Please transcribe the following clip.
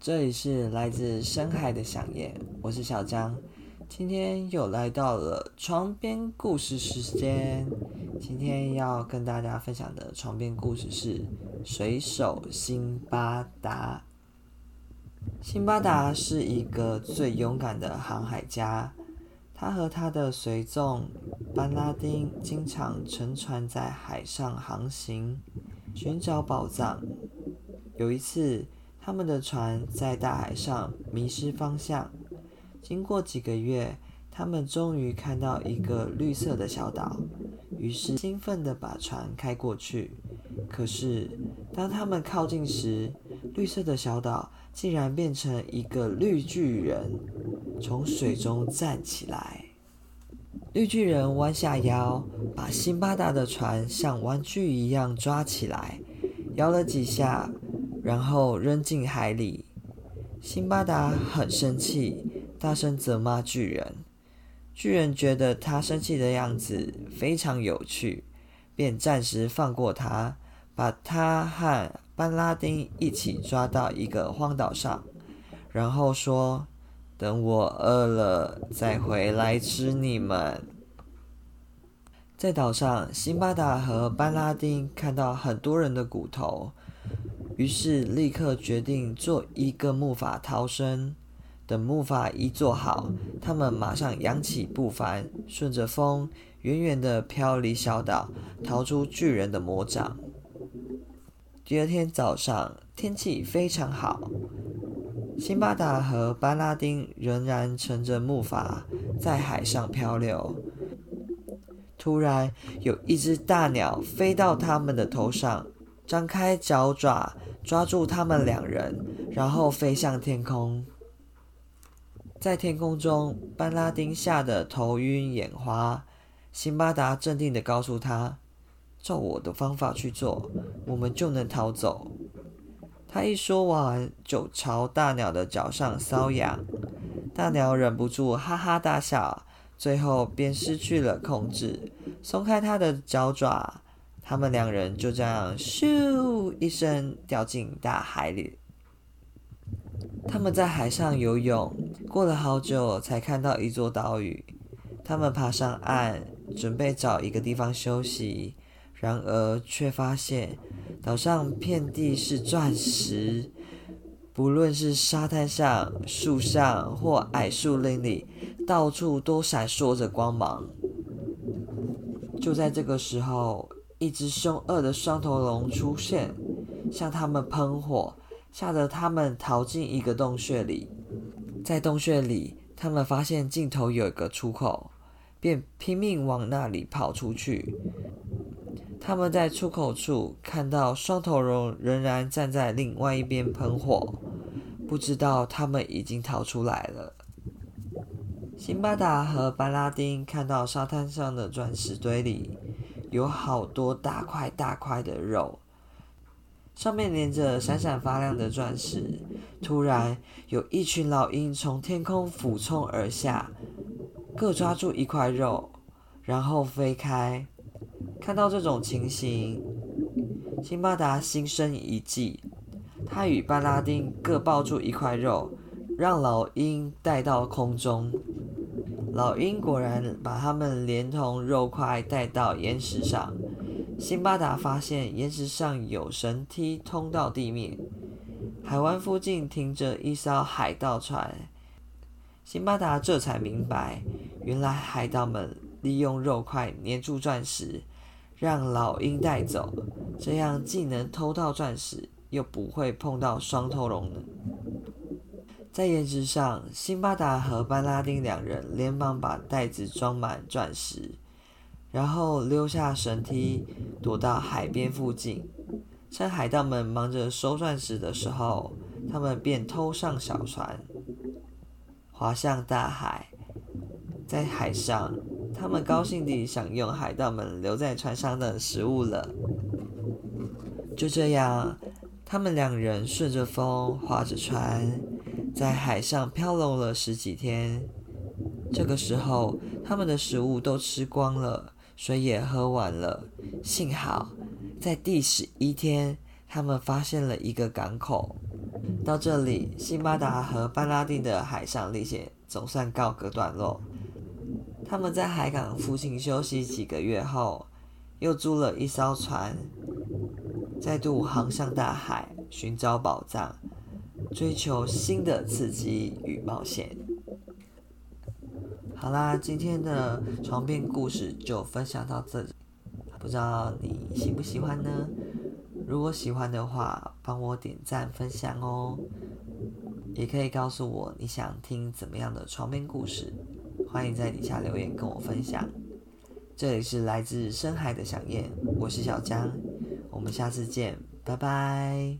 這裡是來自深海的想念。我是小江，今天又來到了床邊故事時間。今天要跟大家分享的床邊故事是《水手辛巴達》。辛巴達是一個最勇敢的航海家，他和他的隨從班拉丁經常乘船在海上航行，尋找寶藏。有一次，他們的船在大海上迷失方向，經過幾個月，他們終於看到一個綠色的小島，於是興奮地把船開過去。可是，當他們靠近時，綠色的小島竟然變成一個綠巨人，從水中站起來。綠巨人彎下腰，把辛巴達的船像玩具一樣抓起來，搖了幾下。然後扔進海裡。辛巴達很生氣，大聲責罵巨人。巨人覺得他生氣的樣子非常有趣，便暫時放過他，把他和班拉丁一起抓到一個荒島上，然後說：“等我餓了再回來吃你們。”在島上，辛巴達和班拉丁看到很多人的骨頭。於是，立刻決定做一個木筏逃生。等木筏一做好，他們馬上揚起布帆，順着風，遠遠地飄離小島，逃出巨人的魔掌。第二天早上，天氣非常好，辛巴達和巴拉丁仍然乘着木筏在海上漂流。突然，有一隻大鳥飛到他們的頭上。張開腳爪，抓住他們兩人，然後飛向天空。在天空中，班拉丁嚇得頭暈眼花，辛巴達鎮定地告訴他：“照我的方法去做，我們就能逃走。”他一說完，就朝大鳥的腳上搔癢，大鳥忍不住哈哈大笑，最後便失去了控制，鬆開他的腳爪。他們兩人就這樣咻一聲掉進大海裡。他們在海上游泳，過了好久才看到一座島嶼。他們爬上岸，準備找一個地方休息，然而卻發現島上遍地是鑽石，不論是沙灘上、樹上或矮樹林裡，到處都閃爍着光芒。就在這個時候。一隻兇惡的雙頭龍出現，向他們噴火，嚇得他們逃進一個洞穴裡。在洞穴裡，他們發現盡頭有一個出口，便拼命往那裡跑出去。他們在出口處看到雙頭龍仍然站在另外一邊噴火，不知道他們已經逃出來了。辛巴達和巴拉丁看到沙灘上的鑽石堆裡。有好多大塊大塊的肉，上面連着閃閃發亮的鑽石。突然，有一群老鷹從天空俯衝而下，各抓住一塊肉，然後飛開。看到這種情形，辛巴達心生一計，他與巴拉丁各抱住一塊肉，讓老鷹帶到空中。老鷹果然把他們連同肉塊帶到岩石上。辛巴達發現岩石上有繩梯通到地面。海灣附近停着一艘海盜船。辛巴達這才明白，原來海盜們利用肉塊粘住鑽石，讓老鷹帶走，這樣既能偷到鑽石，又不會碰到雙頭龍。在岩石上，辛巴達和班·拉丁兩人連忙把袋子裝滿鑽石，然後溜下繩梯，躲到海邊附近。趁海盜們忙着收鑽石的時候，他們便偷上小船，划向大海。在海上，他們高興地享用海盜們留在船上的食物了。就這樣，他們兩人順着風划着船。在海上漂流了十幾天，這個時候他們的食物都吃光了，水也喝完了。幸好在第十一天，他們發現了一個港口。到這裡，辛巴達和巴拉蒂的海上歷險總算告個段落。他們在海港附近休息幾個月後，又租了一艘船，再度航向大海，尋找寶藏。追求新的刺激與冒險。好啦，今天的床邊故事就分享到這裡，不知道你喜不喜歡呢？如果喜歡的話，幫我點讚分享哦。也可以告訴我你想聽怎麼樣的床邊故事，歡迎在底下留言跟我分享。這裡是來自深海的想念，我是小江，我們下次見，拜拜。